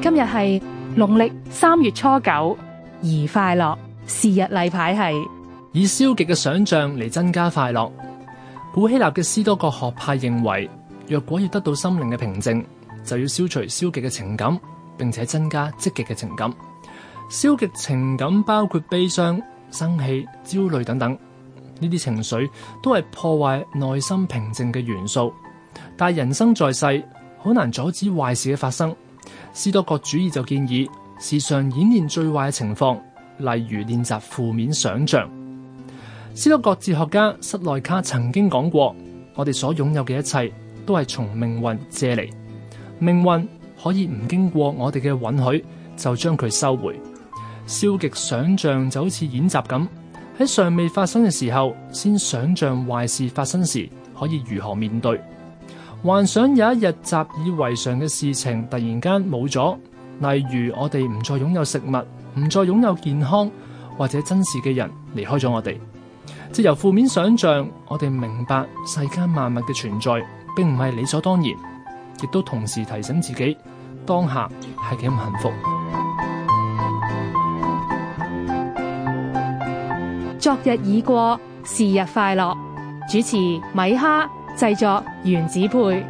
今日係農曆三月初九，宜快樂。是日例牌係以消極嘅想像嚟增加快樂。古希臘嘅斯多葛學派認為，若果要得到心靈嘅平靜，就要消除消極嘅情感。並且增加積極嘅情感，消極情感包括悲傷、生氣、焦慮等等，呢啲情緒都係破壞內心平靜嘅元素。但人生在世，好難阻止壞事嘅發生。斯多葛主義就建議時常演練最壞嘅情況，例如練習負面想象。斯多葛哲學家塞內卡曾經講過：「我哋所擁有嘅一切，都係從命運借嚟，命運。可以唔經過我哋嘅允許就將佢收回。消極想象就好似演習咁，喺尚未發生嘅時候，先想象壞事發生時可以如何面對。幻想有一日習以為常嘅事情突然間冇咗，例如我哋唔再擁有食物，唔再擁有健康，或者真實嘅人離開咗我哋。借由負面想象，我哋明白世間萬物嘅存在並唔係理所當然，亦都同時提醒自己。當下係幾咁幸福？昨日已過，是日快樂。主持米哈，製作原子配。